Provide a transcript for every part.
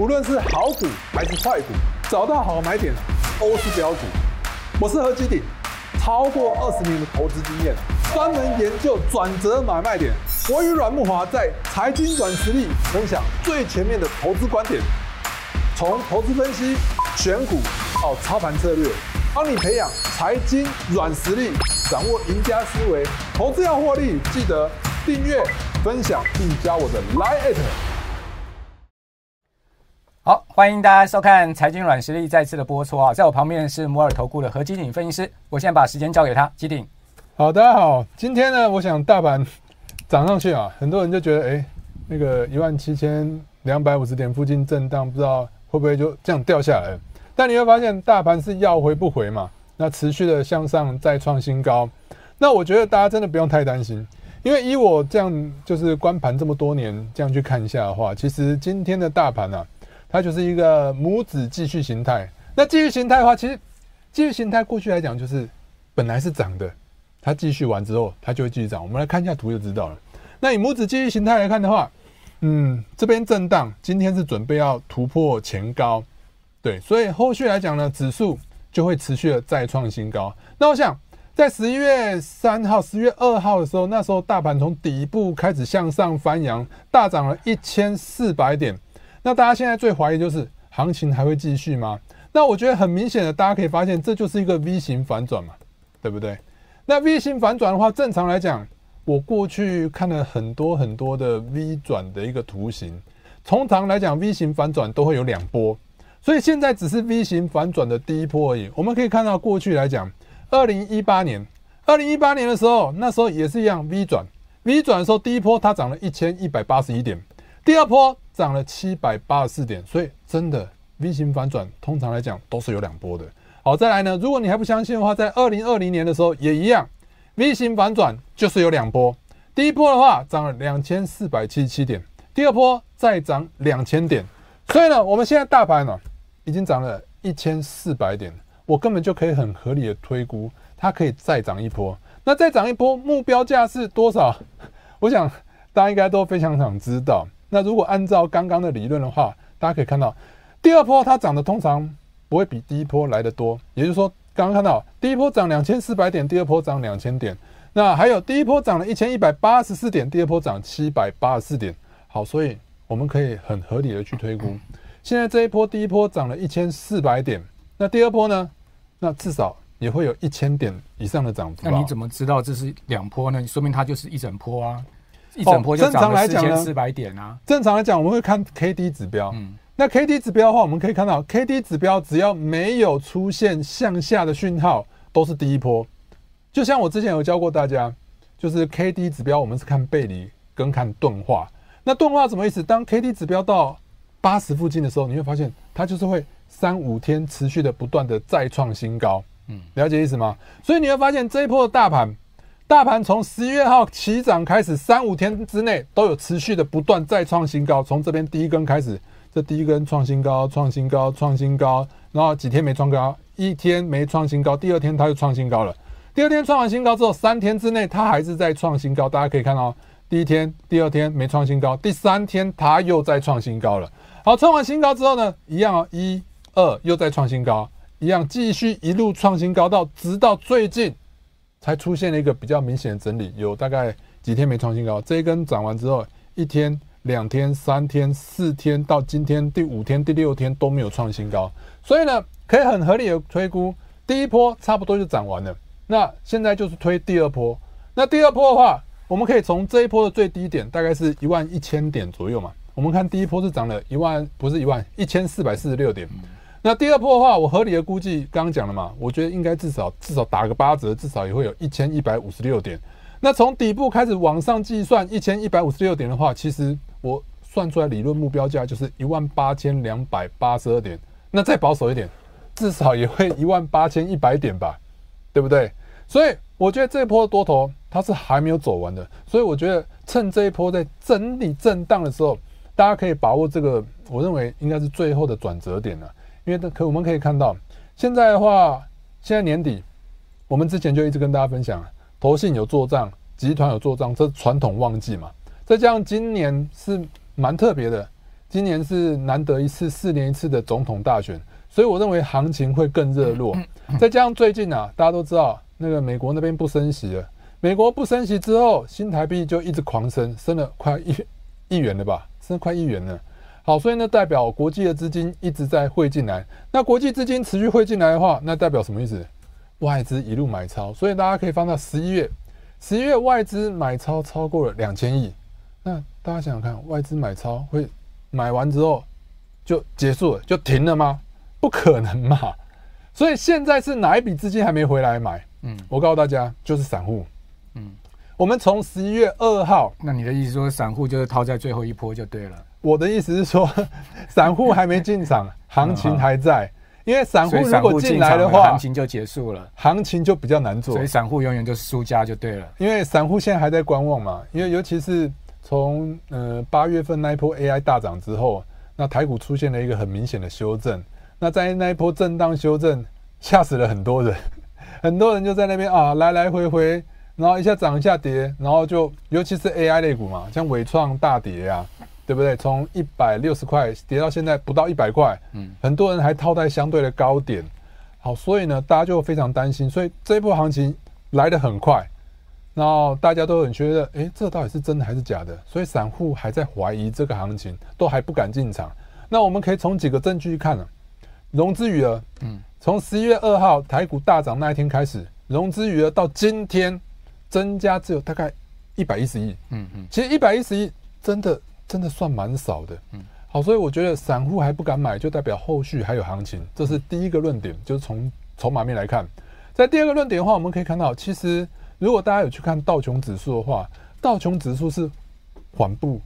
無論是好股還是壞股，找到好買點都是飆股。我是何基鼎，超過二十年的投資經驗，專門研究轉折買賣點。我與阮慕驊在財經阮實力分享最前面的投資觀點，從投資分析選股到操盤策略，幫你培養財經軟實力，掌握贏家思維。投資要獲利，記得訂閱、分享並加我的 Line at。好，歡迎大家收看《財經軟實力》再次的播出啊，在我旁邊是摩爾投顧的何基鼎分析師，我現在把時間交給他，基鼎。好，大家好。今天呢，我想大盤漲上去啊，很多人就覺得，誒，那個一萬七千兩百五十點附近震盪，不知道會不會就這樣掉下來。但你會發現，大盤是要回不回嘛？那持續的向上再創新高，那我覺得大家真的不用太擔心，因為以我這樣就是觀盤這麼多年這樣去看一下的話，其實今天的大盤呢、啊。它就是一個拇指繼續形態。那繼續形態的話，其實繼續形態過去來講，就是本來是漲的，它繼續完之後，它就會繼續漲。我們來看一下圖就知道了。那以拇指繼續形態來看的話，嗯，這邊震盪，今天是準備要突破前高，對，所以後續來講呢，指數就會持續的再創新高。那我想，在十一月三號、十一月二號的時候，那時候大盤從底部開始向上翻揚，大漲了一千四百點。那大家現在最懷疑就是行情還會繼續嗎？那我覺得很明顯的，大家可以發現這就是一個 V 型反轉嘛，對不對？那 V 型反轉的話，正常來講，我過去看了很多很多的 V 轉的一個圖形，通常來講 V 型反轉都會有兩波，所以現在只是 V 型反轉的第一波而已。我們可以看到過去來講，二零一八年，二零一八年的時候，那時候也是一樣 V 轉，V 轉的時候第一波它漲了一千一百八十一點。第二波漲了七百八十四點，所以真的 V 型反轉通常來講都是有兩波的。好，再來呢，如果你還不相信的話，在二零二零年的時候也一樣，V 型反轉就是有兩波。第一波的話漲了兩千四百七十七點，第二波再漲兩千點。所以呢，我們現在大盤呢已經漲了一千四百點，我根本就可以很合理的推估它可以再漲一波。那再漲一波目標價是多少？我想大家應該都非常想知道。那如果按照剛剛的理論的話，大家可以看到，第二波它漲的通常不會比第一波來的多，也就是說，剛剛看到第一波漲兩千四百點，第二波漲兩千點，那還有第一波漲了一千一百八十四點，第二波漲七百八十四點。好，所以我們可以很合理的去推估，咳咳現在這一波第一波漲了一千四百點，那第二波呢，那至少也會有一千點以上的漲幅。那你怎麼知道這是兩波呢？說明它就是一整波啊。一整波就漲了、哦、四千四百點啊！正常來講，我們會看 K D 指標。嗯，那 K D 指標的話，我們可以看到，K D 指標只要沒有出現向下的訊號，都是第一波。就像我之前有教過大家，就是 K D 指標，我們是看背離跟看鈍化。那鈍化什麼意思？當 K D 指標到八十附近的時候，你會發現它就是會三五天持續的不斷的再創新高。嗯，了解意思嗎？所以你會發現這一波的大盤。大盤從十一月號起漲開始，三五天之內都有持續的不斷再創新高。從這邊第一根開始，這第一根創新高，創新高，創新高，然後幾天沒創高，一天沒創新高，第二天它又創新高了。第二天創完新高之後，三天之內它還是在創新高。大家可以看到，第一天、第二天沒創新高，第三天它又在創新高了。好，創完新高之後呢，一樣哦，一二又在創新高，一樣繼續一路創新高到直到最近。才出現了一個比較明顯的整理，有大概幾天沒創新高。這一根漲完之後，一天、兩天、三天、四天，到今天第五天、第六天都沒有創新高，所以呢，可以很合理的推估，第一波差不多就漲完了。那現在就是推第二波。那第二波的話，我們可以從這一波的最低點，大概是一萬一千點左右嘛。我們看第一波是漲了一萬，不是一萬一千四百四十六點。那第二波的話，我合理的估計，剛剛講了嘛，我覺得應該至少至少打個八折，至少也會有一千一百五十六點。那從底部開始往上計算一千一百五十六點的話，其實我算出來理論目標價就是一萬八千兩百八十二點。那再保守一點，至少也會一萬八千一百點吧，對不對？所以我覺得這一波多頭它是還沒有走完的，所以我覺得趁這一波在整理震盪的時候，大家可以把握這個，我認為應該是最後的轉折點了啊。因為可我們可以看到，現在的話，現在年底，我們之前就一直跟大家分享，投信有做賬，集團有做賬，這是傳統旺季嘛。再加上今年是蠻特別的，今年是難得一次四年一次的總統大選，所以我認為行情會更熱絡。再加上最近啊，大家都知道那個美國那邊不升息了，美國不升息之後，新台幣就一直狂升，升了快一元了吧，升快一元了。好，所以呢，代表國際的資金一直在匯進來。那國際資金持續匯進來的話，那代表什麼意思？外資一路買超。所以大家可以放到十一月，十一月外資買超超過了兩千億。那大家想想看，外資買超會買完之後就結束了，就停了嗎？不可能嘛！所以現在是哪一筆資金還沒回來買？嗯，我告訴大家，就是散戶。嗯，我們從十一月二號，那你的意思說，散戶就是套在最後一波就對了。我的意思是說，散戶還沒進場，行情還在，因為散戶如果進來的話，行情就結束了，行情就比較難做。所以散戶永遠就是輸家就對了。因為散戶現在還在觀望嘛，因為尤其是從呃八月份那一波 AI 大漲之後，那台股出現了一個很明顯的修正。那在那一波震盪修正，嚇死了很多人，很多人就在那邊啊來來回回，然後一下漲一下跌，然後就尤其是 AI 類股嘛，像緯創大跌啊。對不對？從一百六十塊跌到現在不到一百塊，嗯，很多人還套在相對的高點，好，所以呢，大家就非常擔心，所以這波行情來得很快，然後大家都很覺得，哎，這到底是真的還是假的？所以散戶還在懷疑這個行情，都還不敢進場。那我們可以從幾個證據看呢，啊，融資餘額，嗯，從十一月二號台股大漲那一天開始，融資餘額到今天增加只有大概一百一十億，嗯嗯，其實一百一十億真的。真的算蠻少的，嗯，好，所以我覺得散戶還不敢買，就代表後續還有行情。這是第一個論點，就是從，從籌碼面來看。在第二個論點的話，我們可以看到，其實如果大家有去看道瓊指數的話，道瓊指數是緩步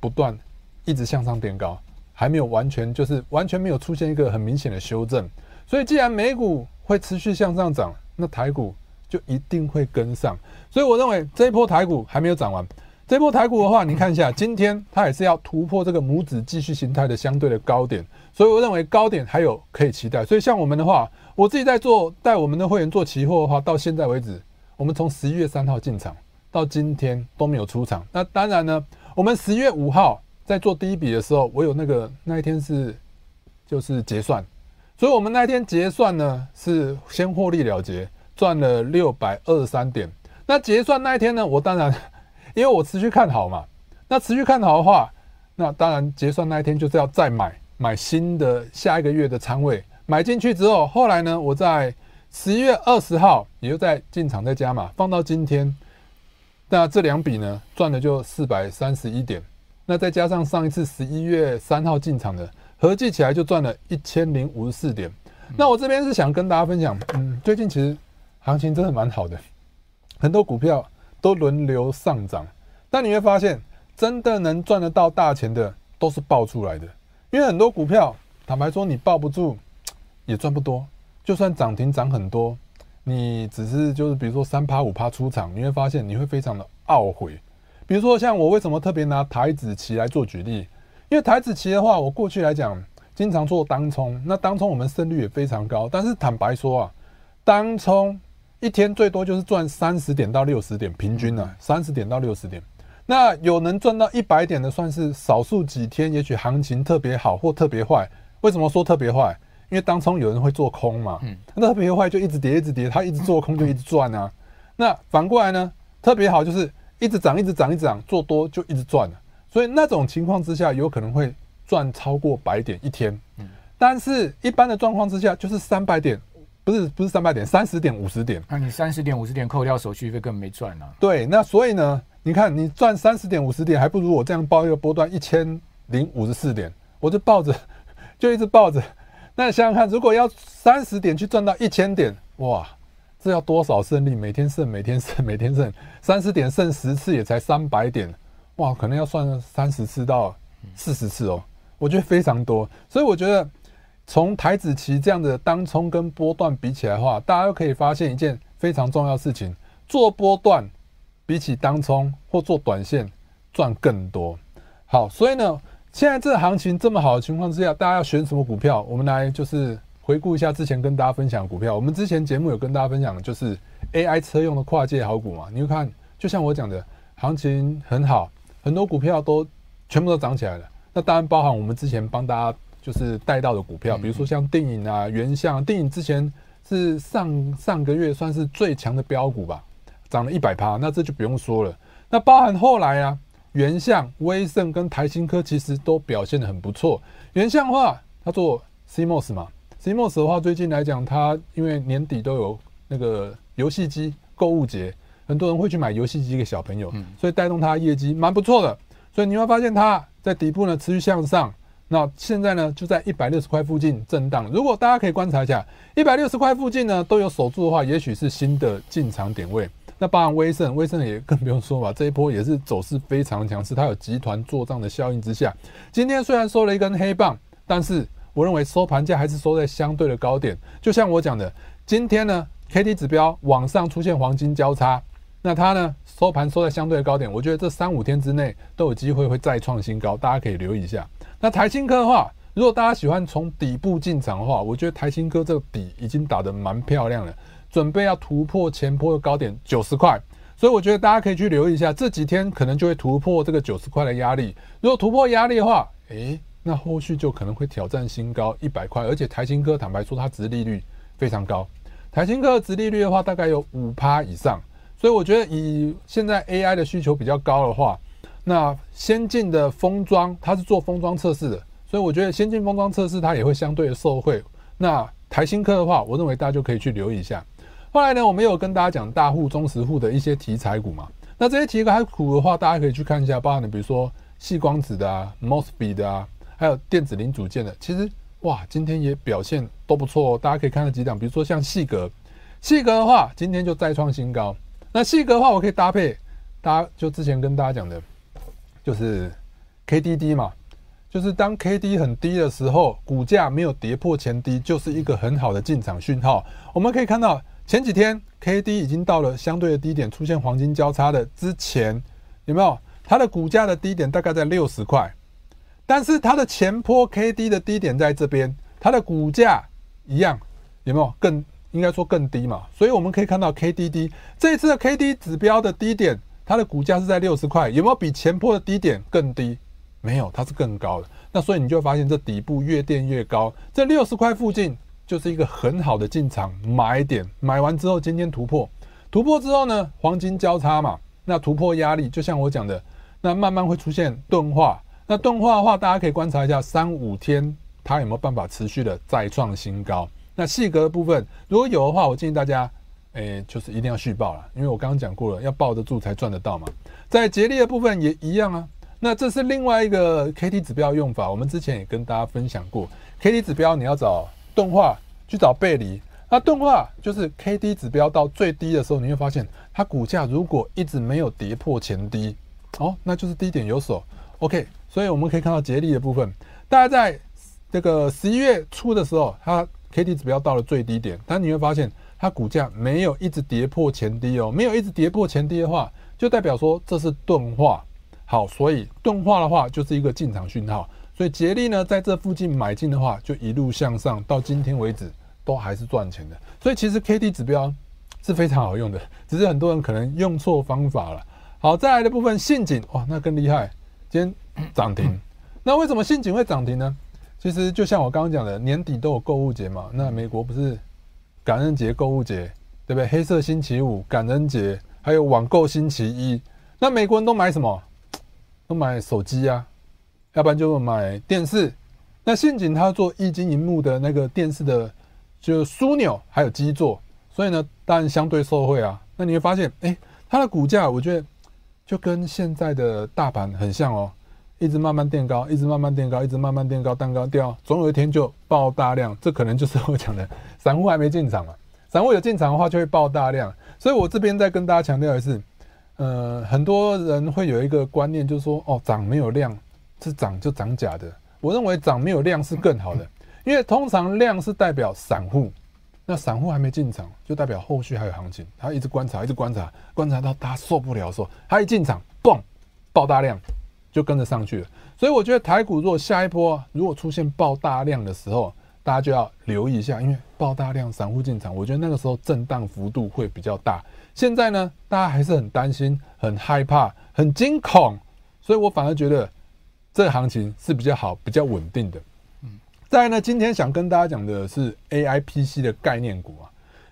不斷一直向上墊高，還沒有完全就是完全沒有出現一個很明顯的修正。所以既然美股會持續向上漲，那台股就一定會跟上。所以我認為這一波台股還沒有漲完。這波台股的話，你看一下，今天它也是要突破這個拇指繼續形態的相對的高點，所以我認為高點還有可以期待。所以像我們的話，我自己在做帶我們的會員做期貨的話，到現在為止，我們從十一月三號進場到今天都沒有出場。那當然呢，我們十一月五號在做第一筆的時候，我有那個那一天是就是結算，所以我們那天結算呢是先獲利了結，賺了六百二十三點。那結算那一天呢，我當然。因為我持續看好嘛，那持續看好的話，那當然結算那一天就是要再買買新的下一個月的倉位，買進去之後，後來呢，我在十一月二十號也又再進場再加嘛，放到今天，那這兩筆呢賺了就四百三十一點，那再加上上一次十一月三號進場的，合計起來就賺了一千零五十四點，嗯、那我這邊是想跟大家分享，嗯，最近其實行情真的蠻好的，很多股票。都輪流上漲，但你會發現，真的能賺得到大錢的都是抱出來的。因為很多股票，坦白說，你抱不住，也賺不多。就算漲停漲很多，你只是就是比如說三趴五趴出場，你會發現你會非常的懊悔。比如說像我為什麼特別拿台指期來做舉例？因為台指期的話，我過去來講經常做當沖，那當沖我們勝率也非常高。但是坦白說啊，當沖。一天最多就是賺三十點到六十點，平均呢三十點到六十點。那有能賺到一百點的，算是少數幾天，也許行情特別好或特別壞。為什麼說特別壞？因為當中有人會做空嘛。嗯，那特別壞就一直跌，一直跌，他一直做空就一直賺啊。那反過來呢，特別好就是一直漲，一直漲，一直漲，做多就一直賺了。所以那種情況之下，有可能會賺超過百點一天。嗯，但是一般的狀況之下就是三百點。不是不是三百點，三十點五十點。那、啊、你三十點五十點扣掉手續費，根本沒賺啊。對，那所以呢，你看你賺三十點五十點，還不如我這樣抱一個波段一千零五十四點，我就抱着，就一直抱着。那你想想看，如果要三十點去賺到一千點，哇，這要多少勝利？每天勝，每天勝，每天勝，三十點勝十次也才三百點，哇，可能要算三十次到四十次哦。我覺得非常多，所以我覺得。從台指期這樣的當沖跟波段比起來的話，大家都可以發現一件非常重要的事情：做波段比起當沖或做短線賺更多。好，所以呢，現在這個行情這麼好的情況之下，大家要選什麼股票？我們來就是回顧一下之前跟大家分享的股票。我們之前節目有跟大家分享的就是 AI 車用的跨界好股嘛。你看，就像我講的，行情很好，很多股票都全部都漲起來了。那當然包含我們之前幫大家。就是帶到的股票，比如說像電影啊、原相、啊。電影之前是上上個月算是最強的標股吧，漲了一百趴，那這就不用說了。那包含後來啊，原相、威盛跟台新科其實都表現得很不錯。原相的話，它做 CMOS 嘛，CMOS 的話，最近來講，它因為年底都有那個遊戲機購物節，很多人會去買遊戲機給小朋友，所以帶動它的業績蠻不錯的。所以你會發現它在底部呢持續向上。那現在呢，就在一百六十塊附近震盪。如果大家可以觀察一下，一百六十塊附近呢都有守住的話，也許是新的進場點位。那包含威盛，威盛也更不用說吧，這一波也是走勢非常強勢。它有集團做賬的效應之下，今天雖然收了一根黑棒，但是我認為收盤價還是收在相對的高點。就像我講的，今天呢，KD 指標往上出現黃金交叉，那它呢收盤收在相對的高點，我覺得這三五天之內都有機會會再創新高，大家可以留意一下。那台新科的話，如果大家喜歡從底部進場的話，我覺得台新科這個底已經打得蠻漂亮了，準備要突破前波的高點九十塊，所以我覺得大家可以去留意一下，這幾天可能就會突破這個九十塊的壓力。如果突破壓力的話，誒、欸，那後續就可能會挑戰新高一百塊。而且台新科坦白說，它殖利率非常高，台新科的殖利率的話，大概有五趴以上，所以我覺得以現在 AI 的需求比較高的話。那先進的封裝，它是做封裝測試的，所以我覺得先進封裝測試它也會相對的受惠。那台新科的話，我認為大家就可以去留意一下。後來呢，我沒有跟大家講大戶中實戶的一些題材股嘛？那這些題材股的話，大家可以去看一下，包含的比如說矽光子的啊、MOSFET 的啊，還有電子零組件的，其實哇，今天也表現都不錯哦。大家可以看的幾檔，比如說像矽格，矽格的話，今天就再創新高。那矽格的話，我可以搭配，大家就之前跟大家講的。就是 KDD 嘛，就是當 KD 很低的時候，股價沒有跌破前低，就是一個很好的進場訊號。我們可以看到，前幾天 KD 已經到了相對的低點，出現黃金交叉的之前，有沒有？它的股價的低點大概在六十塊，但是它的前波 KD 的低點在這邊，它的股價一樣，有沒有？更應該說更低嘛，所以我們可以看到 KDD 這一次的 KD 指標的低點。它的股價是在六十塊，有沒有比前波的低點更低？沒有，它是更高的。那所以你就會發現這底部越墊越高，這六十塊附近就是一個很好的進場買點。買完之後，今天突破，突破之後呢，黃金交叉嘛，那突破壓力就像我講的，那慢慢會出現鈍化。那鈍化的話，大家可以觀察一下三五天它有沒有辦法持續的再創新高。那細格的部分，如果有的話，我建議大家。誒、欸，就是一定要續報了，因為我剛剛講過了，要抱得住才賺得到嘛。在杰力的部分也一樣啊。那這是另外一個 K D 指標用法，我們之前也跟大家分享過。K D 指標你要找鈍化去找背離。那鈍化就是 K D 指標到最低的時候，你會發現它股價如果一直沒有跌破前低，哦，那就是低點有守。OK，所以我們可以看到杰力的部分，大家在這個十一月初的時候，它 K D 指標到了最低點，但你會發現。它股價沒有一直跌破前低哦，沒有一直跌破前低的話，就代表說這是鈍化。好，所以鈍化的話就是一個進場訊號。所以杰力呢，在這附近買進的話，就一路向上，到今天為止都還是賺錢的。所以其實 K D 指標是非常好用的，只是很多人可能用錯方法了。好，再來的部分，信錦哇，那更厲害，今天漲 停。那為什麼信錦會漲停呢？其實就像我剛剛講的，年底都有購物節嘛，那美國不是？感恩節、購物節，對不對？黑色星期五、感恩節，還有網購星期一。那美國人都買什麼？都買手機啊，要不然就買電視。那信錦它做液晶螢幕的那個電視的，就是樞紐還有基座。所以呢，當然相對受惠啊。那你會發現，哎，它的股價，我覺得就跟現在的大盤很像哦。一直慢慢墊高，一直慢慢墊高，一直慢慢墊高，蛋糕掉，總有一天就爆大量。這可能就是我講的，散戶還沒進場嘛。散戶有進場的話，就會爆大量。所以我這邊再跟大家強調一次，呃，很多人會有一個觀念，就是說，哦，漲沒有量，是漲就漲假的。我認為漲沒有量是更好的，因為通常量是代表散戶，那散戶還沒進場，就代表後續還有行情，他一直觀察，一直觀察，觀察到他受不了的時候，他一進場，嘣，爆大量。就跟着上去了，所以我覺得台股如果下一波如果出現爆大量的時候，大家就要留意一下，因為爆大量散戶進場，我覺得那個時候震盪幅度會比較大。現在呢，大家還是很擔心、很害怕、很驚恐，所以我反而覺得這個行情是比較好、比較穩定的。嗯，再呢，今天想跟大家講的是 AIPC 的概念股啊，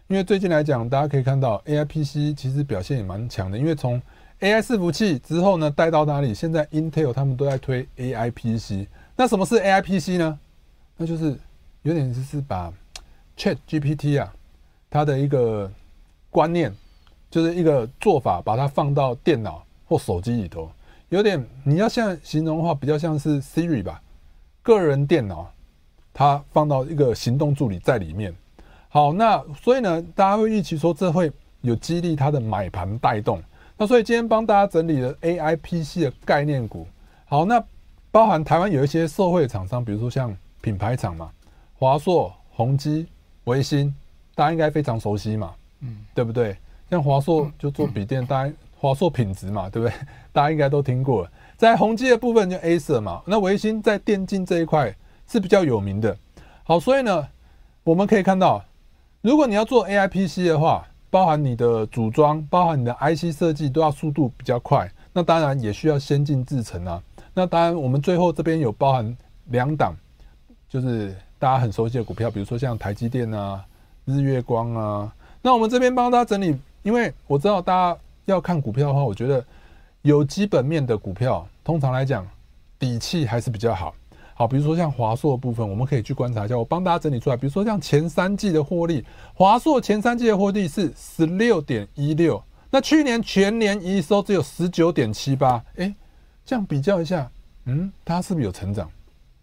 因為最近來講，大家可以看到 AIPC 其實表現也蠻強的，因為從 AI 伺服器之後呢，帶到哪裡？現在 Intel 他們都在推 AI PC，那什麼是 AI PC 呢？那就是有點就是把 ChatGPT 啊，它的一個觀念，就是一個做法，把它放到電腦或手機裡頭，有點你要像形容的話，比較像是 Siri 吧，個人電腦它放到一個行動助理在裡面。好，那所以呢，大家會預期說這會有激勵它的買盤帶動。那所以今天幫大家整理了 AIPC 的概念股，好，那包含台灣有一些社會廠商，比如說像品牌廠嘛，華碩、宏碁、微星，大家應該非常熟悉嘛，嗯，對不對？像華碩就做筆電，嗯嗯大家華碩品質嘛，對不對？大家應該都聽過，在宏碁的部分就 Acer 嘛，那微星在電競這一塊是比較有名的，好，所以呢，我們可以看到，如果你要做 AIPC 的話。包含你的組裝，包含你的 IC 設計都要速度比較快，那當然也需要先進製程啊。那當然，我們最後這邊有包含兩檔，就是大家很熟悉的股票，比如說像台積電啊、日月光啊。那我們這邊幫大家整理，因為我知道大家要看股票的話，我覺得有基本面的股票，通常來講底氣還是比較好。好，比如說像華碩的部分，我們可以去觀察一下。我幫大家整理出來，比如說像前三季的獲利，華碩前三季的獲利是十六點一六，那去年全年營收只有十九點七八。誒，這樣比較一下，嗯，它是不是有成長？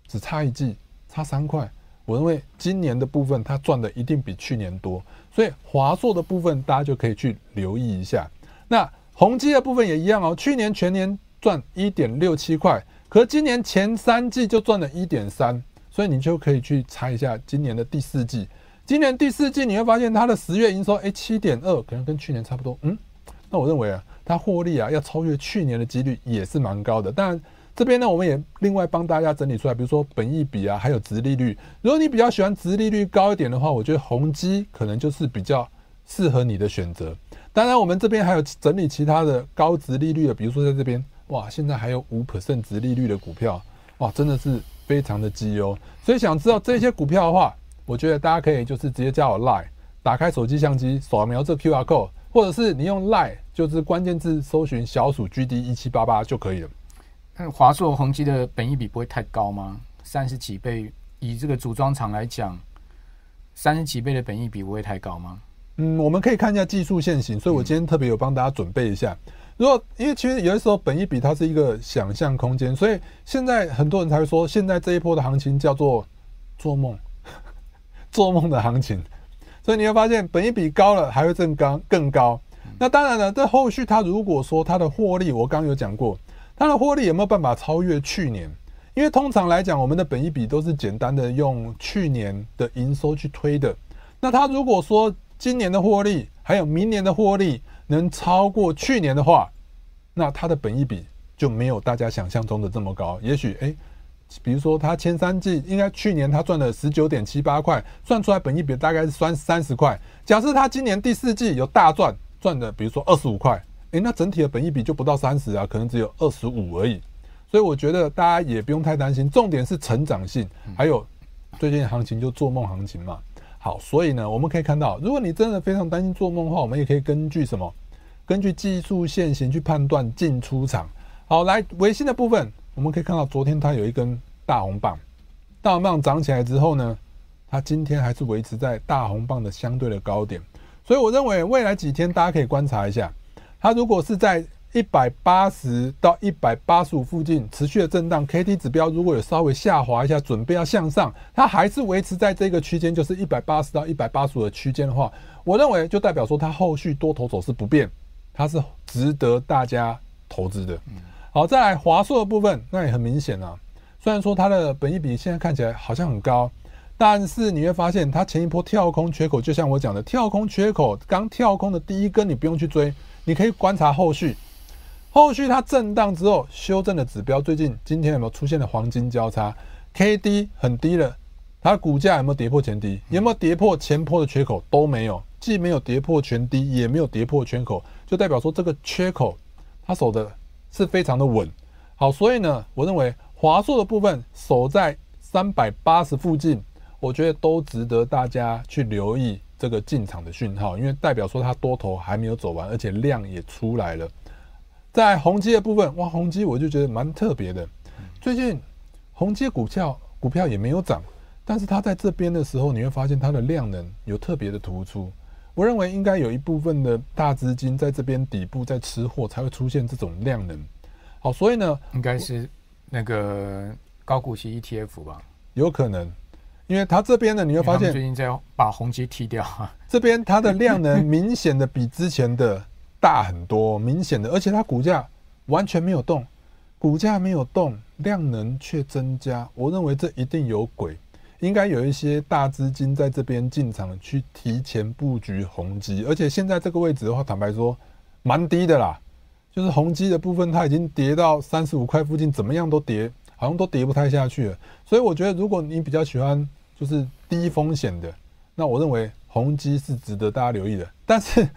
只差一季，差三塊。我認為今年的部分它賺的一定比去年多，所以華碩的部分大家就可以去留意一下。那宏碁的部分也一樣哦，去年全年賺一點六七塊。和今年前三季就賺了一點三，所以你就可以去查一下今年的第四季。今年第四季你會發現它的十月營收誒七點二，2, 可能跟去年差不多。嗯，那我認為啊，它獲利啊要超越去年的幾率也是蠻高的。但這邊呢，我們也另外幫大家整理出來，比如說本益比啊，還有殖利率。如果你比較喜歡殖利率高一點的話，我覺得宏碁可能就是比較適合你的選擇。當然，我們這邊還有整理其他的高殖利率的、啊，比如說在這邊。哇，現在還有五%殖利率的股票哇，真的是非常的激哦。所以想知道這些股票的話，我覺得大家可以就是直接加我 Line，打開手機相機掃描這 QR code，或者是你用 Line 就是關鍵字搜尋小鼠 GD 一七八八就可以了。嗯，華碩宏碁的本益比不會太高嗎？三十幾倍，以這個組裝廠來講，三十幾倍的本益比不會太高嗎？嗯，我們可以看一下技術線型，所以我今天特別有幫大家準備一下。嗯如果因為其實有的時候本益比它是一個想象空間，所以現在很多人才會說現在這一波的行情叫做做夢、做夢的行情。所以你會發現本益比高了還會更高、更高。嗯、那當然了，這後續它如果說它的獲利，我剛有講過，它的獲利有沒有辦法超越去年？因為通常來講，我們的本益比都是簡單的用去年的營收去推的。那它如果說今年的獲利，還有明年的獲利。能超過去年的話，那它的本益比就沒有大家想象中的這麼高。也許，誒，比如說它前三季應該去年它賺了十九點七八塊，算出來本益比大概是三三十塊。假設它今年第四季有大賺，賺的比如說二十五塊，誒，那整體的本益比就不到三十啊，可能只有二十五而已。所以我覺得大家也不用太擔心，重點是成長性，還有最近行情就做夢行情嘛。好，所以呢，我們可以看到，如果你真的非常擔心做夢的話，我們也可以根據什麼？根據技術線型去判斷進出場。好，來微星的部分，我們可以看到，昨天它有一根大紅棒，大紅棒漲起來之後呢，它今天還是維持在大紅棒的相對的高點，所以我認為未來幾天大家可以觀察一下，它如果是在。一百八十到一百八十五附近持續的震盪，K D 指標如果有稍微下滑一下，準備要向上，它還是維持在這個區間，就是一百八十到一百八十五的區間的話，我認為就代表說它後續多頭走勢不變，它是值得大家投資的。嗯、好，再來華碩的部分，那也很明顯啊。雖然說它的本益比現在看起來好像很高，但是你會發現它前一波跳空缺口，就像我講的跳空缺口，剛跳空的第一根你不用去追，你可以觀察後續。後續它震盪之後修正的指標，最近今天有沒有出現了黃金交叉？KD 很低了，它股價有沒有跌破前低？有沒有跌破前波的缺口？都沒有，既沒有跌破前低，也沒有跌破缺口，就代表說這個缺口它守的是非常的穩。好，所以呢，我認為華碩的部分守在三百八十附近，我覺得都值得大家去留意這個進場的訊號，因為代表說它多頭還沒有走完，而且量也出來了。在宏基的部分，哇，宏基我就覺得蠻特別的。最近宏基股票股票也沒有漲，但是它在這邊的時候，你會發現它的量能有特別的突出。我認為應該有一部分的大資金在這邊底部在吃貨，才會出現這種量能。好，所以呢，應該是那個高股息 ETF 吧？有可能，因為它這邊呢，你會發現最近在要把宏基踢掉啊，這邊它的量能明顯的比之前的。 大很多，明顯的，而且它股價完全沒有動，股價沒有動，量能卻增加，我認為這一定有鬼，應該有一些大資金在這邊進場去提前布局宏碁，而且現在這個位置的話，坦白說，蠻低的啦，就是宏碁的部分它已經跌到三十五塊附近，怎麼樣都跌，好像都跌不太下去了，所以我覺得如果你比較喜歡就是低風險的，那我認為宏碁是值得大家留意的，但是。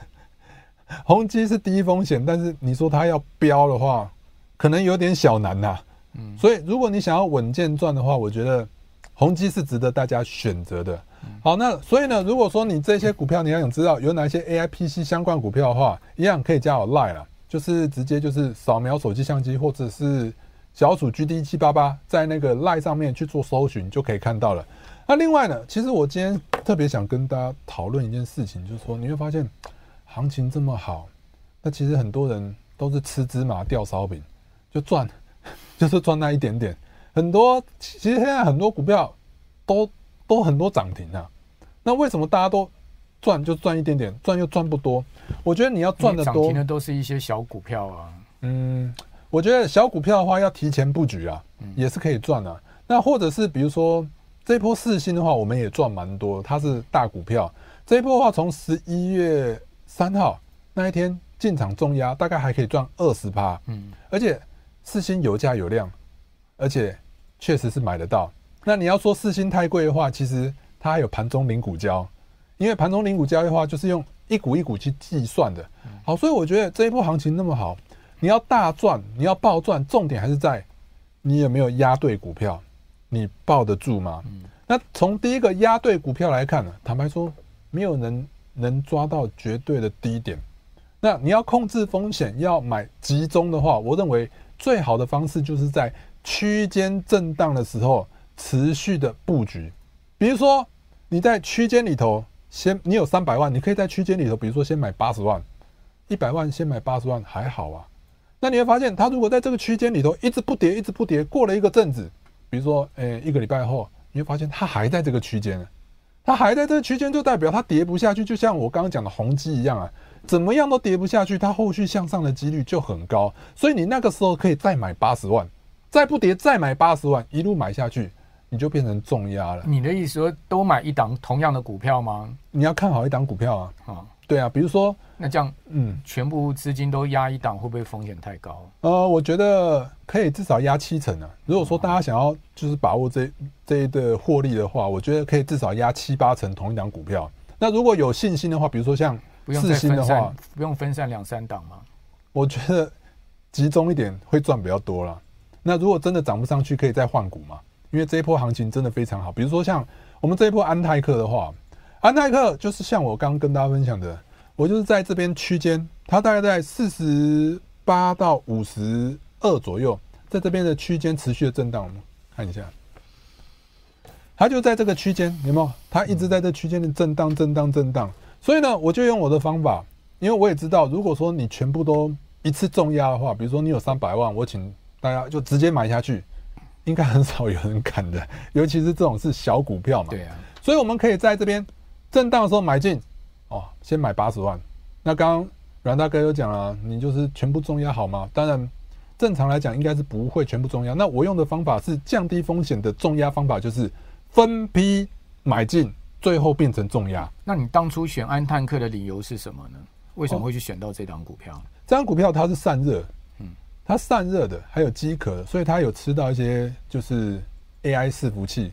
宏基是低風險，但是你說它要飆的話，可能有點小難吶、啊。嗯，所以如果你想要穩健賺的話，我覺得宏基是值得大家選擇的。嗯、好，那所以呢，如果說你這些股票，你要想知道有哪些 AIPC 相關股票的話，一樣可以加我 Line 啦，就是直接就是掃描手機相機，或者是小組 GD 七八八，在那個 Line 上面去做搜尋，就可以看到了。那另外呢，其實我今天特別想跟大家討論一件事情，就是說你會發現。行情這麼好，那其實很多人都是吃芝麻掉燒餅，就賺，就是賺那一點點。很多其實現在很多股票都都很多漲停啊，那為什麼大家都賺就賺一點點，賺又賺不多？我覺得你要賺的多，漲停的都是一些小股票啊。嗯，我覺得小股票的話要提前布局啊，嗯、也是可以賺的啊。那或者是比如說，這一波世芯的話，我們也賺蠻多，它是大股票。這一波的話從十一月。三號那一天進場重壓，大概還可以賺二十趴。嗯，而且四星有價有量，而且確實是買得到。那你要說四星太貴的話，其實它還有盤中零股交，因為盤中零股交的話，就是用一股一股去計算的。嗯、好，所以我覺得這一波行情那麼好，你要大賺，你要爆賺，重點還是在你有沒有壓對股票，你抱得住嗎？嗯、那從第一個壓對股票來看呢、啊，坦白說，沒有人能抓到絕對的低點，那你要控制風險，要買集中的話，我認為最好的方式就是在區間震盪的時候持續的布局。比如說你在區間裡頭先，先你有三百萬，你可以在區間裡頭，比如說先買八十萬，一百萬先買八十萬還好啊。那你會發現，它如果在這個區間裡頭一直不跌，一直不跌，過了一個陣子，比如說誒、呃，一個禮拜後，你會發現它還在這個區間。它還在這個區間，就代表它跌不下去，就像我剛剛講的宏碁一樣啊，怎麼樣都跌不下去，它後續向上的幾率就很高，所以你那個時候可以再買八十萬，再不跌再買八十萬，一路買下去，你就變成重壓了。你的意思說都買一檔同樣的股票嗎？你要看好一檔股票啊，嗯對啊，比如說那這樣，嗯，全部資金都壓一檔，會不會風險太高？呃，我覺得可以至少壓七成啊。如果說大家想要就是把握這、嗯啊、這一段獲利的話，我覺得可以至少壓七八成同一檔股票。那如果有信心的話，比如說像四星的話，不用分散兩三檔嗎？我覺得集中一點會賺比較多啦。嗯啊、那如果真的漲不上去，可以再換股嘛？因為這一波行情真的非常好。比如說像我們這一波安泰克的話。安耐克，就是像我剛剛跟大家分享的，我就是在這邊區間，它大概在四十八到五十二左右，在這邊的區間持續的震盪。我們看一下，它就在這個區間，有沒有？它一直在這區間的震盪，震盪，震盪。所以呢，我就用我的方法，因為我也知道，如果說你全部都一次重壓的話，比如說你有三百萬，我請大家就直接買下去，應該很少有人敢的，尤其是這種是小股票嘛。對啊。所以我們可以在這邊。震盪的時候買進，哦，先買八十萬。那剛剛阮大哥又講了，你就是全部重壓好嗎？當然，正常來講應該是不會全部重壓。那我用的方法是降低風險的重壓方法，就是分批買進，嗯、最後變成重壓。那你當初選安探客的理由是什麼呢？為什麼會去選到這張股票？哦、這張股票它是散熱，嗯，它散熱的，還有機殼，所以它有吃到一些就是 AI 伺服器，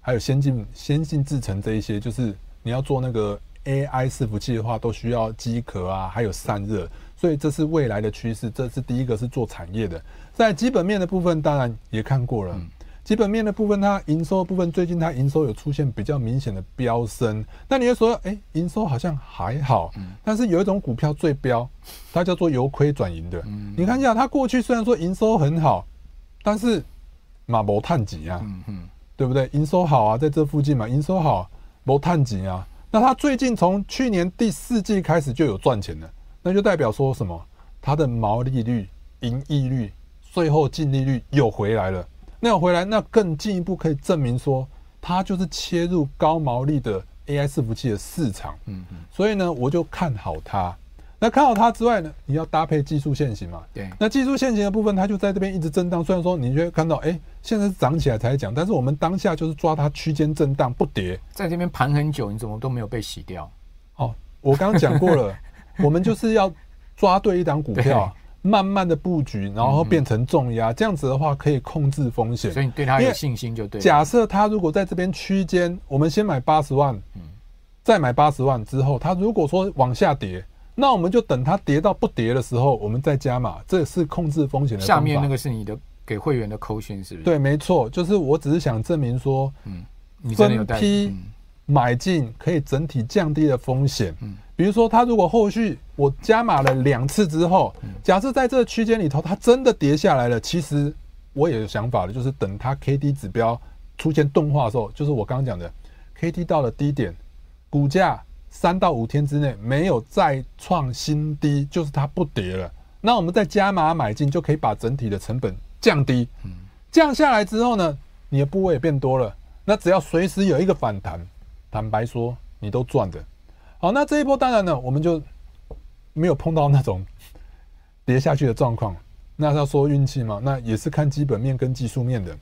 還有先進先進製程這一些，就是。你要做那個 AI 伺服器的話，都需要機殼啊，還有散熱，所以這是未來的趨勢。這是第一個是做產業的。在基本面的部分，當然也看過了。嗯、基本面的部分，它營收的部分最近它營收有出現比較明顯的飆升。那你就說，誒、欸，營收好像還好，嗯，但是有一種股票最飆，它叫做由虧轉盈的。嗯、你看一下，它過去雖然說營收很好，但是馬博探底啊，嗯嗯對不對？營收好啊，在這附近嘛，營收好。高碳啊，那它最近從去年第四季開始就有賺錢了，那就代表說什麼？它的毛利率、盈利率、稅後淨利率又回來了。那又回來，那更進一步可以證明說，它就是切入高毛利的 AI 伺服器的市場。嗯哼，所以呢，我就看好它。那看到它之外呢？你要搭配技術線型嘛？對。那技術線型的部分，它就在這邊一直震盪。雖然說你就會看到，哎、欸，現在是漲起來才講，但是我們當下就是抓它區間震盪不跌，在這邊盤很久，你怎麼都沒有被洗掉？哦，我剛剛講過了， 我們就是要抓對一檔股票，對慢慢的佈局，然後變成重壓，嗯嗯這樣子的話可以控制風險。所以你對它有信心就對。假設它如果在這邊區間，我們先買八十萬，嗯，再買八十萬之後，它如果說往下跌。那我們就等它跌到不跌的時候，我們再加碼。這是控制風險的。下面那個是你的給會員的口訊，是不是？對，沒錯，就是我只是想證明說，嗯，分批買進可以整體降低的風險、嗯。嗯，比如說它如果後續我加碼了兩次之後，嗯、假設在這個區間裡頭它真的跌下來了，其實我也有想法的，就是等它 KD 指標出現鈍化的時候，就是我剛剛講的 KD 到了低點，股價。三到五天之內沒有再創新低，就是它不跌了。那我們再加碼買進，就可以把整體的成本降低。嗯，降下來之後呢，你的部位也變多了。那只要隨時有一個反彈，坦白說，你都賺的。好，那這一波當然呢，我們就沒有碰到那種跌下去的狀況。那要說運氣嘛，那也是看基本面跟技術面的。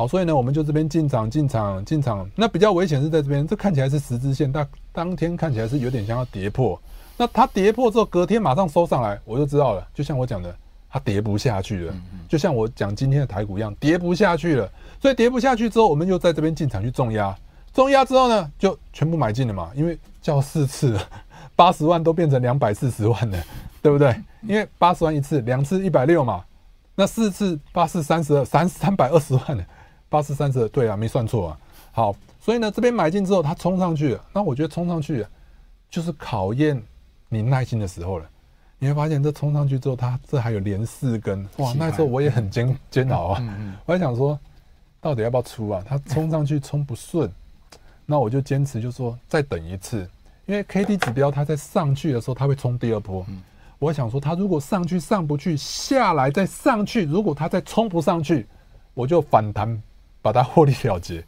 好，所以呢，我們就這邊進場、進場、進場。那比較危險是在這邊，這看起來是十字線，但當天看起來是有點像要跌破。那它跌破之後，隔天馬上收上來，我就知道了。就像我講的，它跌不下去了，就像我講今天的台股一樣，跌不下去了。所以跌不下去之後，我們就在這邊進場去重壓，重壓之後呢，就全部買進了嘛，因為叫四次，八十萬都變成兩百四十萬了，對不對？因為八十萬一次，兩次一百六嘛，那四次八四三十二三三百二十萬了。八四三四，80, 30, 對啊，沒算錯啊。好，所以呢，這邊買進之後，它衝上去了，那我覺得衝上去就是考驗你耐心的時候了。你會發現，這衝上去之後，它這還有連四根，哇，那時候我也很煎煎熬啊。嗯嗯嗯、我在想說，到底要不要出啊？它衝上去衝不順，嗯、那我就堅持，就說再等一次。因為 K D 指標它在上去的時候，它會衝第二波。嗯、我想說，它如果上去上不去，下來再上去，如果它再衝不上去，我就反彈。把它獲利了結，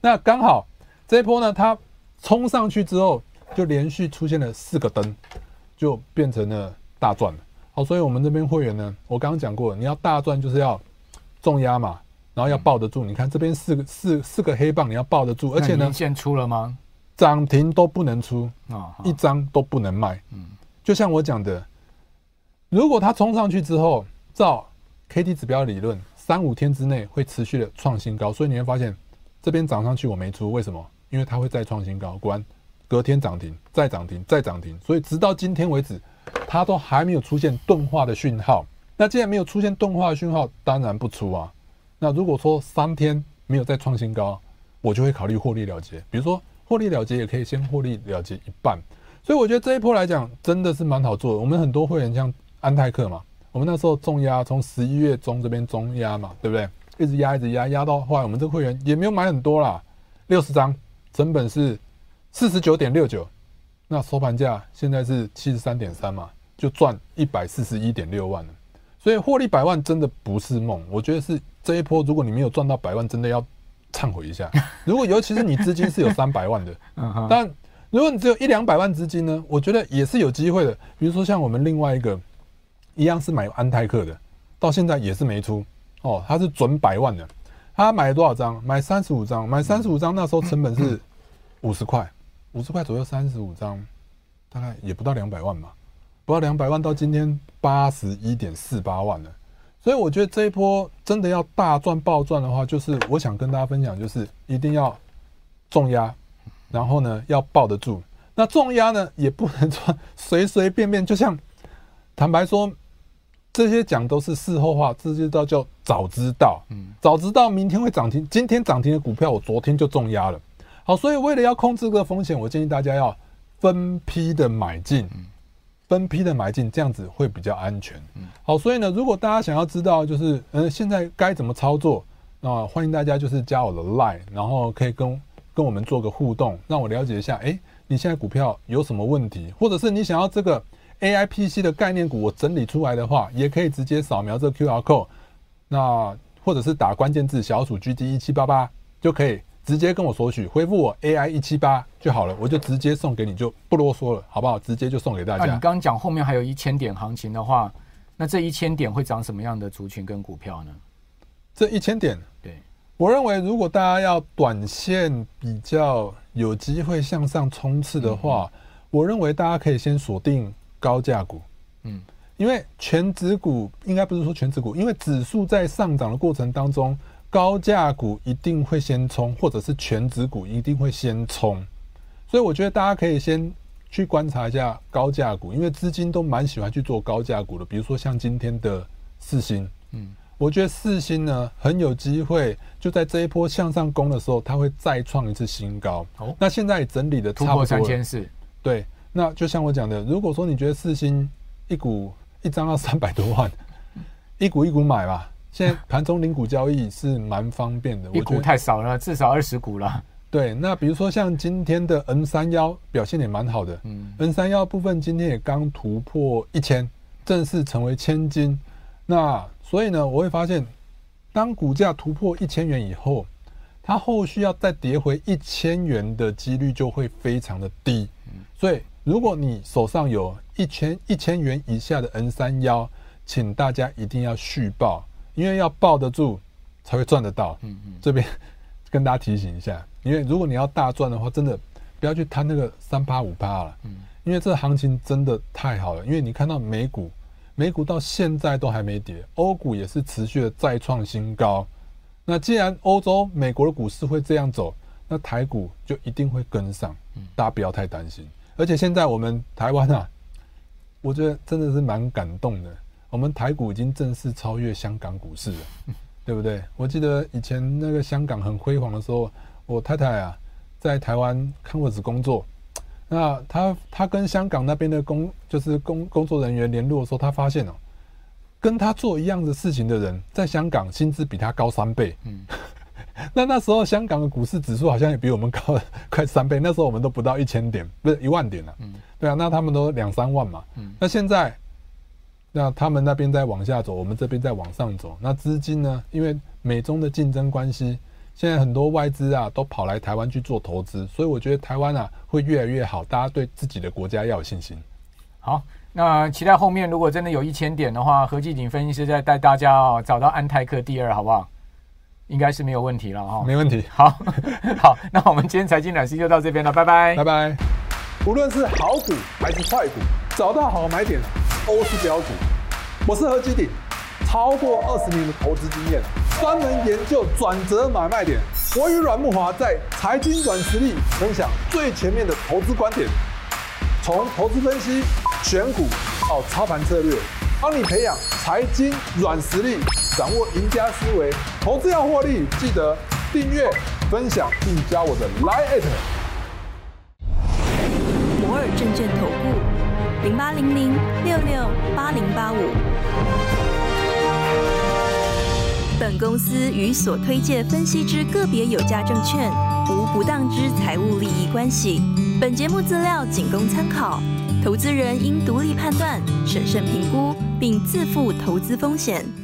那剛好這一波呢，它衝上去之後就連續出現了四個燈，就變成了大賺。好，所以我們這邊會員呢，我剛剛講過，你要大賺就是要重壓嘛，然後要抱得住。嗯、你看這邊四個四四個黑棒，你要抱得住，而且呢，現出了嗎？漲停都不能出啊，哦、哈一張都不能賣。嗯，就像我講的，如果它衝上去之後，照 K D 指標理論。嗯三五天之內會持續的創新高，所以你會發現這邊漲上去我沒出，為什麼？因為它會再創新高，果然隔天漲停，再漲停，再漲停，所以直到今天為止，它都還沒有出現鈍化的訊號。那既然沒有出現鈍化的訊號，當然不出啊。那如果說三天沒有再創新高，我就會考慮獲利了結。比如說獲利了結，也可以先獲利了結一半。所以我覺得這一波來講，真的是蠻好做的。我們很多會員像安泰克嘛。我們那時候重壓，從十一月中這邊重壓嘛，對不對？一直壓，一直壓，壓到後來，我們這個會員也沒有買很多啦，六十張，成本是四十九點六九，那收盤價現在是七十三點三嘛，就賺一百四十一點六萬了。所以獲利百萬真的不是夢，我覺得是這一波，如果你沒有賺到百萬，真的要懺悔一下。如果尤其是你資金是有三百萬的，但如果你只有一兩百萬資金呢，我覺得也是有機會的。比如說像我們另外一個。一樣是買安泰克的，到現在也是沒出哦。他是準百萬的，他買了多少張？買三十五張，買三十五張，那時候成本是五十塊，五十塊左右，三十五張，大概也不到兩百萬嘛，不到兩百萬，到今天八十一點四八萬了。所以我覺得這一波真的要大賺爆賺的話，就是我想跟大家分享，就是一定要重壓，然後呢要抱得住。那重壓呢也不能說隨隨便便，就像坦白說。這些講都是事後話，這些都叫早知道。嗯，早知道明天會漲停，今天漲停的股票我昨天就重壓了。好，所以為了要控制這個風險，我建議大家要分批的買進，嗯，分批的買進，這樣子會比較安全。好，所以呢，如果大家想要知道就是，嗯、呃，現在該怎麼操作，那、呃、歡迎大家就是加我的 Line，然後可以跟跟我們做個互動，讓我了解一下，誒、欸，你現在股票有什麼問題，或者是你想要這個。A I P C 的概念股，我整理出來的話，也可以直接掃描這個 Q R code，那或者是打關鍵字“小組 G D 一七八八”就可以直接跟我索取。回復我 “AI 一七八”就好了，我就直接送給你，就不囉嗦了，好不好？直接就送給大家、啊。你剛剛講後面還有一千點行情的話，那這一千點會漲什麼樣的族群跟股票呢？這一千點，對。我認為，如果大家要短線比較有機會向上衝刺的話，嗯、我認為大家可以先鎖定，高價股，嗯，因為權值股，應該不是說權值股，因為指數在上漲的過程當中，高價股一定會先衝，或者是權值股一定會先衝，所以我覺得大家可以先去觀察一下高價股，因為資金都蠻喜歡去做高價股的，比如說像今天的世芯，嗯，我覺得世芯呢很有機會，就在這一波向上攻的時候，它會再創一次新高。哦，那現在整理的突破三千四，對。那就像我講的，如果說你覺得世芯一股一張要三百多萬，一股一股買吧。現在盤中零股交易是蠻方便的，一股太少了，至少二十股了。對，那比如說像今天的 M 三幺表現也蠻好的，嗯，M 三幺部分今天也剛突破一千，正式成為千金。那所以呢，我會發現，當股價突破一千元以後，它後續要再跌回一千元的幾率就會非常的低，所以。如果你手上有一千一千元以下的 N31，請大家一定要續抱，因為要抱得住才會賺得到。嗯嗯，嗯，這邊跟大家提醒一下，因為如果你要大賺的話，真的不要去貪那個三趴五趴了。嗯，因為這行情真的太好了，因為你看到美股，美股到現在都還沒跌，歐股也是持續的再創新高。那既然歐洲、美國的股市會這樣走，那台股就一定會跟上。大家不要太擔心。嗯而且現在我們台灣啊，嗯、我覺得真的是蠻感動的。我們台股已經正式超越香港股市了，嗯、對不對？我記得以前那個香港很輝煌的時候，我太太啊在台灣康沃爾工作，那她她跟香港那邊的工就是工工作人員聯絡的時候，她發現哦、喔，跟她做一樣的事情的人，在香港薪資比她高三倍。嗯那那時候香港的股市指數好像也比我們高了快三倍，那時候我們都不到一千點，不是一萬點了。嗯，對啊，那他們都兩三萬嘛。嗯，那現在，那他們那邊在往下走，我們這邊在往上走。那資金呢？因為美中的競爭關係，現在很多外資啊都跑來台灣去做投資，所以我覺得台灣啊會越來越好，大家對自己的國家要有信心。好，那期待後面如果真的有一千點的話，何基鼎分析師再帶大家哦找到安泰克第二，好不好？應該是沒有問題了哈，沒問題。好， 好，那我們今天財經短信就到這邊了， 拜拜，拜拜。無論是好股還是壞股，找到好買點都是標準。我是何基鼎，超過二十年的投資經驗，專門研究轉折買賣點。我與阮慕驊在財經阮實力分享最前面的投資觀點，從投資分析、選股到操盤策略，幫你培養財經軟實力，掌握贏家思維。投資要獲利，記得訂閱、分享並加我的 LINE@。摩爾證券投顧零八零零六六八零八五。本公司與所推薦分析之個別有價證券無不當之財務利益關係。本節目資料僅供參考，投資人應獨立判斷、審慎評估，並自負投資風險。